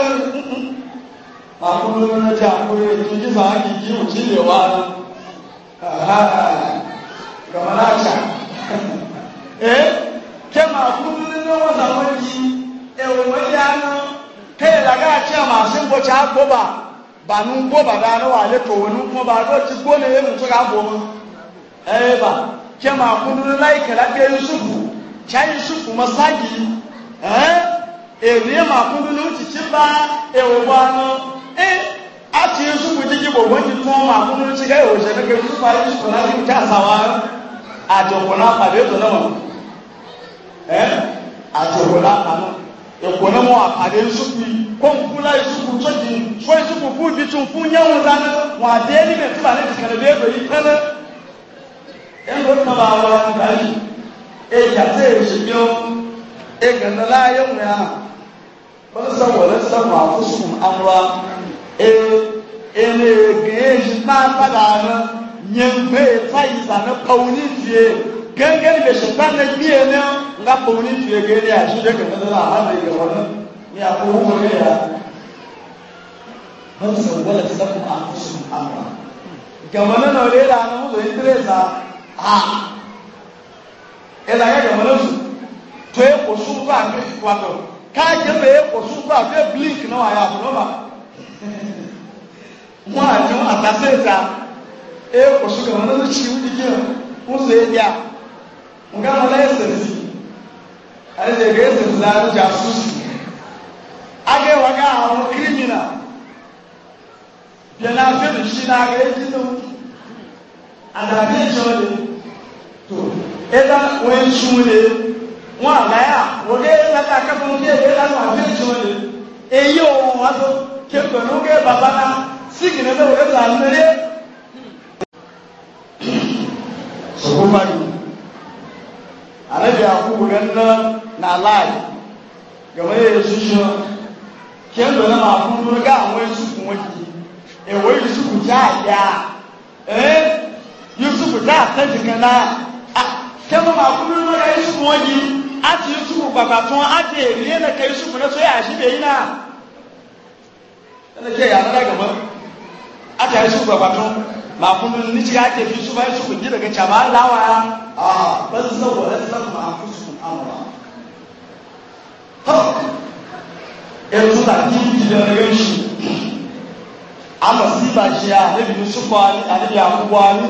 wọ́n kamalacha eh kema kunino na wanji ewayana kela ga cha masin go cha goba banu goba da na wale to wani kuma ba do ti gone ye mu ga goma eh ba kema kunino like la ke yusufu cha yusufu masaji eh ewia e ma kunino ti ti ba ewayana eh a ti yusufu ti ji bo wani to ma kunino ti ga ewo se ne ke yusufu ari yusufu na ti ta sawa àtòkùnà pàdé tó náà ẹ àtòkùnà pàdé èkó náà mọ àpàdé nsúkú kóńkúlá ìsúkú tóbi fún ìsúkú fún ibi tún fún yẹwò dáná wọn àdé ẹni mẹtí bàálẹ ti kẹlẹ bẹẹ bẹyì pẹlẹ ẹnu tó náà bá wà nígbà yìí èyà tẹ èsì bí ó ègànnà láàyè wọn yà wọn sọ wọlé sọmọ àfúsùn àwọn ẹ ẹ lè gẹ èyí máa padà náà nyempe faiza ne pauni fie gangan be shetan ne bie ne nga pauni fie ge ne a shude ke ne la ha ne ge wona ne a ko ko ne ya ban sa wala ta ku a ku sun amra ga wona no le la no zo interesa ha ela ya ga wona su to e ko su ba ne wa to ka je be e ko su ba be blink no aya ko no ma mo a jo atase ta e ko shugabannin su ci wuri gina ụzọ ya biya na esensi a yi daga aga yi waga krimina biya na fi shi na aga yi a da biya shi wani to ita wani shi wani wọn àgbáyà wọ́n gé lẹ́tà akẹ́kọ̀ọ́ bí ni èyí wá tó su kuma ne annabi na lai game da yesu shi na ma fun ga àwọn su kun waki e wo yesu ku ja ya eh yesu ku na ah ken ma fun ga yesu kun waki ati yesu ku baba ati ele na kai su kun so ya shi be ina ana ke ya na daga ati yesu ku baba ba ni shiga ake fi su su kunji daga caba lawaya a ah, ba su saboda su san ma ku su Ha! to yanzu da kiji da gan shi amma si ba shi ya nabi yusuf wani annabi yakubu wani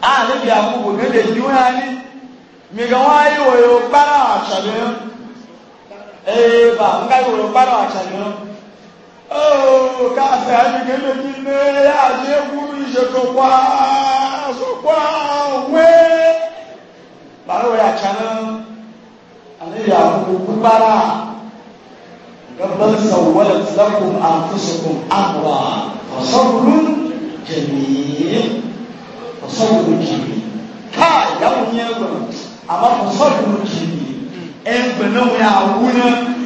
a nabi yakubu ga da yiwa ni mi ga a eh ba ngai a Oh, casa adige meji ne aje guru ijeto kwa so kwa we. Baro ya chana ani ya ku kubara. Gabbal sawwalat lakum anfusukum amra. Fasabrun jamil. Fasabrun jamil. Ka ya munye gwa. Ama fasabrun jamil. En bana ya wuna.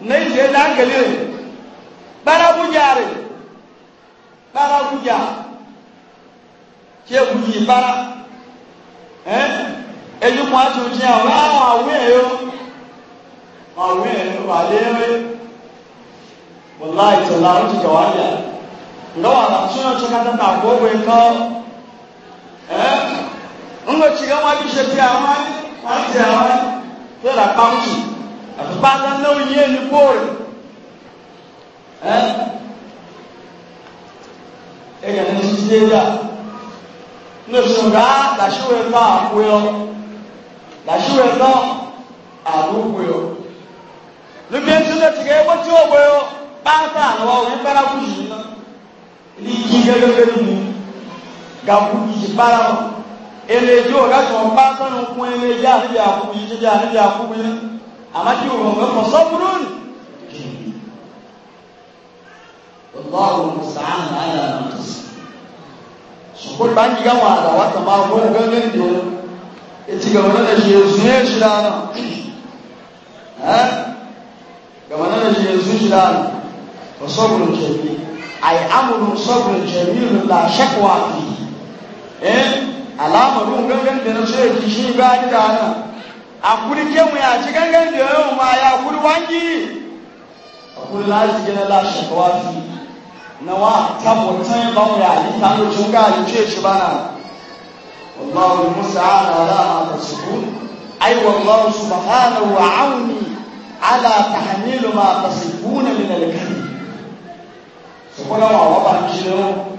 nan je da hankali ne bara guja ne bara guja ke guji bara eh eji kwa to je àwọn àwọn awe yo awe no ba lewe wallahi sallahu alaihi wa sallam ngawa na suna chuka ta ta ko ko ko eh ngo chiga wa bi shetia wa wa ti àwọn fela pamchi àtúpáta náà yé ní bóòlù ẹ ẹ yẹn ní ṣíṣe dá nùsùnká làṣíwò ẹ̀fọ́ àkúyọ làṣíwò ẹ̀fọ́ àlùkúyọ níbi ẹtí ló ti kẹ́ ẹ bó tí ó gbé ọ pátá àlọ́ ọ̀hún pẹ́lá kù yìí náà ní kí gẹ́gẹ́ bí mu gàkú yìí pátá wọn èlé ìjọ ọ̀gá tó ń pátá nù kún ẹlẹ́jà níbi àkúkú yìí níbi àkúkú yìí àmájú òun ọ̀gbẹ́ kọ̀ sọ́bùrù ni. Wallahu musta'an ala nafsi. Sokol ban giga wa da wata ma gon ganin do. Eti ga wannan da shi yanzu ne shi da nan. Eh? Ga wannan da shi yanzu shi da nan. Wa sabrun jamil. Ai amrun sabrun jamil la shakwa fi. Eh? Alamar gon ganin da na so yake akuri ke mu ya ci gangan da yau ma ya kuri wangi akuri la ji gina la shakawati na wa ta mutum ba mu ya yi ta mu cin ga yi ce shi bana wallahu musa'an ala ma tasifun ai wallahu subhanahu wa auni ala tahmilu ma tasifun min al-kadhib su kula ma wa ba ki ne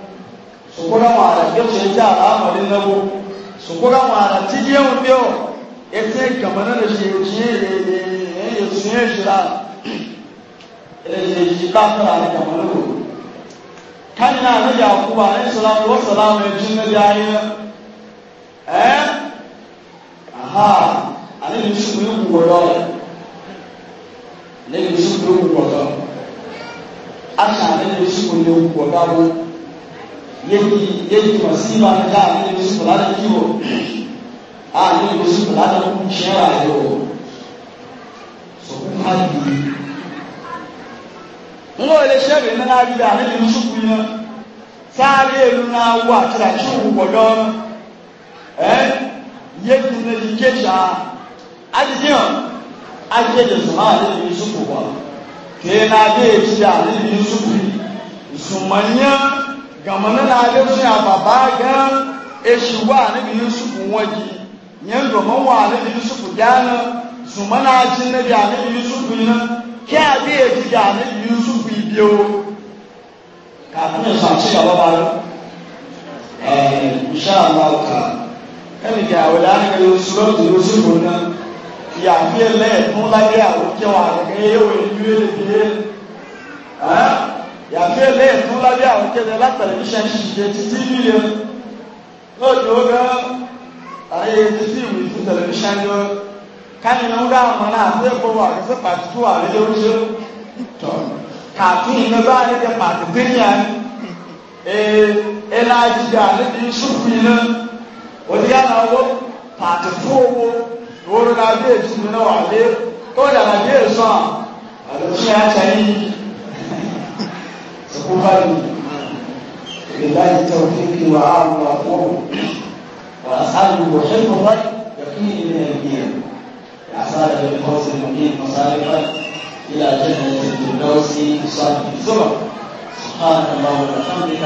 su kula ma da ke ce ta al'amarin nabo su kula ma da tijiyan biyo ete gamana da shi jiye sun yi shira yi kafira da gamana da kan na na yakuba alayhi salatu wa salam ya jin na jaye eh aha alayhi shi ne goro ne shi ne goro asa ne shi ne goro yeki yeki masiba na ja ne shi kula da kiwo a ah, ní oṣù láti ń ṣe àyọ̀ sọ̀kún hajj ń lọ ilé iṣẹ́ rẹ̀ nínú àríwá nílùú yusufu yẹn sáré ìlú náà wà tíra tí ò wọ̀dọ́ ẹ yé kí ní ẹni kéjà adìyàn adìyẹ sọ̀rọ̀ àríwá yusufu wà kéè náà dé ètí àríwá yusufu ìsùnmọ̀nyẹ́ gàmọ́nà nyen do man wa ne yusuf dana zumana jin ne da ne yusuf e eh, e ne ke abi e ji da ne yusuf bi biyo ka kun sa ci gaba ba eh insha Allah ka kan ga wala ne yusuf da yusuf ne ya fi e le mun la ga o ke wa ne ye we ni le eh, le ah ya fi le mun la ga o ke la television shi je ti ti ni le o do ààyè ti fíìmù ti tẹlifíṣàn yọ káyọ̀ náà ń gbà wọn náà àti ẹ̀kọ́ wà kí sí pàtí tó wà lóde oúnjẹ tọ́ kàtún iná bá a lè jẹ pàtí gbẹ́ni à ee ẹ̀la jìjà níbi ìṣùkú iná òdi yàrá owó pàtí fún owó lórí la bí èsì mi náà wà lé tó yàrá bí èso à àlòsí àṣà yìí sọkúbárì ìlàjì tó fi kí wàhálà fún. وأصحابه وحلم الرجل يقين من الدين عصارة الفوز المقيم مصارفة إلى جنة الفردوس صاحب الزمر سبحانك اللهم وبحمدك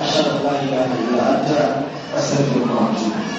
أشهد أن لا إله إلا أنت أستغفرك الله